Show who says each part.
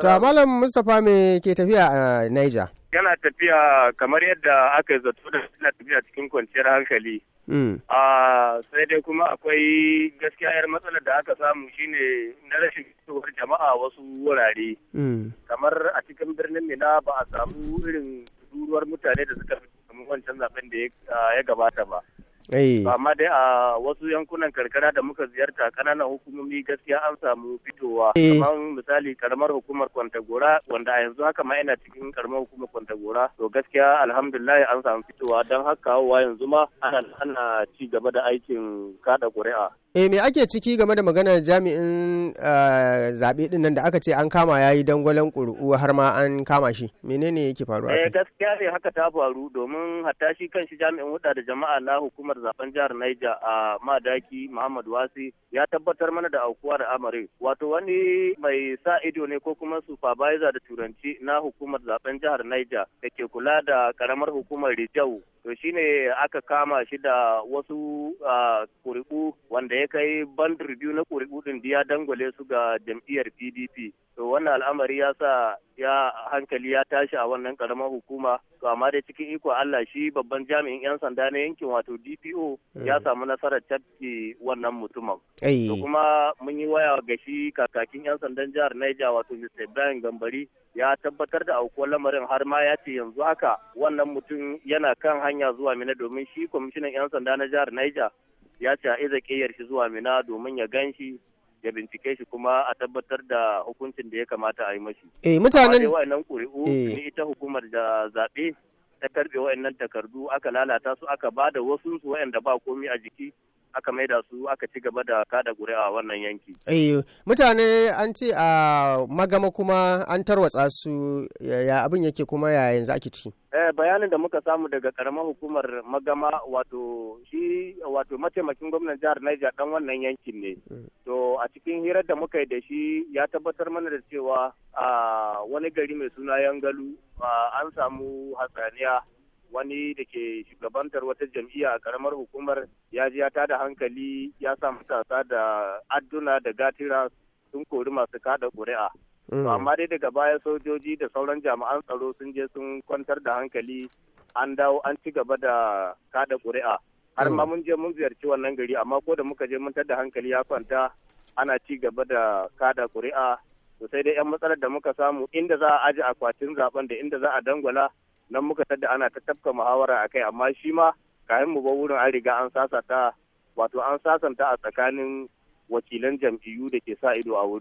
Speaker 1: To
Speaker 2: Malam Mustapha me ke tafiya a Niger?
Speaker 1: Yana tafiya kamar yadda aka zato da suna tafiya cikin kwanciyar hankali. Hmm. sai dai kuma akwai gaskiya yar matsalar da aka samu shine na rashin fitowar jama'a wasu wurare. Hmm. Kamar a cikin birnin Mina ba a samu irin duruwar mutane da suka fi wancan zaben da ya gabata ba.
Speaker 2: Eh. amma dai
Speaker 1: a wasu yankunan karkara da muka ziyarta kananan hukumomi gaskiya an samu fitowa eh. kamar misali karamar hukumar kwantagora wanda a yanzu haka ma ina cikin karamar hukumar kwantagora to gaskiya alhamdulillah an samu fitowa don haka wa yanzu ma ana ci gaba da aikin kada ƙuri'a
Speaker 2: Eh me ake ciki game da maganar jami'in eh, zaɓe din nan da aka ce an kama ya yi dangwalen ƙuri'u har ma an kama shi menene yake faruwa? Eh
Speaker 1: gaskiya ne haka ta faru domin hatta shi kanshi jami'in wuta da jama'a na hukumar hukumar zaben jihar Niger a Madaki Muhammad Wasi ya tabbatar mana da aukuwar amare wato wani mai sa ido ne ko kuma supervisor da turanci na hukumar zaben jihar Niger da ke kula da karamar hukumar Rijau to shine aka kama shi da wasu kuri'u wanda ya kai band review na kuri'u din ya dangwale su ga jam'iyyar PDP to wannan al'amari ya sa ya hankali ya tashi a wannan karamar hukuma to amma dai cikin iko Allah shi babban jami'in 'yan sanda na yankin wato DP IPO eh. ya samu nasarar cafke wannan mutumin to kuma mun yi waya ga shi kakakin yan sandan jihar niger wato mr ibrahim gambari ya tabbatar da aukuwar lamarin har ma ya ce yanzu haka wannan mutum yana kan hanya zuwa mina domin shi kwamishinan yan sanda na jihar niger ya ce a iza ƙeyar shi zuwa mina domin ya ganshi shi ya bincike shi kuma a tabbatar da hukuncin da ya kamata a yi mashi.
Speaker 2: Eh mutanen. Amma
Speaker 1: wa'annan ita eh. hukumar da zaɓe na karbe wayannan takardu aka lalata su aka ba da wasu su wayanda ba komi a jiki aka maida su aka ci gaba da kada ƙuri'a wannan yanki.
Speaker 2: Eh mutane an ce a magama kuma an tarwatsa su ya abin yake kuma ya yanzu ake ciki.
Speaker 1: Eh bayanin da muka samu daga karamar hukumar magama wato shi wato mataimakin gwamnan jihar Niger dan wannan yankin ne. Mm. To a cikin hirar da muka yi da shi ya tabbatar mana da cewa a wani gari mai suna Yangalu an samu hatsaniya wani da ke shugabantar wata jam'iyya a karamar hukumar ya ji ya da hankali ya sa matasa da adduna da gatira sun kori masu kada ƙuri'a. Mm. amma dai daga baya sojoji da sauran jami'an tsaro sun je sun kwantar da hankali an dawo an ci gaba da kada ƙuri'a har ma mm. mun je mun ziyarci wannan gari amma ko da muka je mun da hankali ya kwanta ana ci gaba da kada ƙuri'a sosai sai dai 'yan matsalar da muka samu inda za a aji akwatin zaben da inda za a dangwala nan muka tadda ana ta tafka muhawara a kai amma shi ma kayan mu ba wurin an riga wato an sasanta a tsakanin wakilan jam'iyyu da ke sa ido a wurin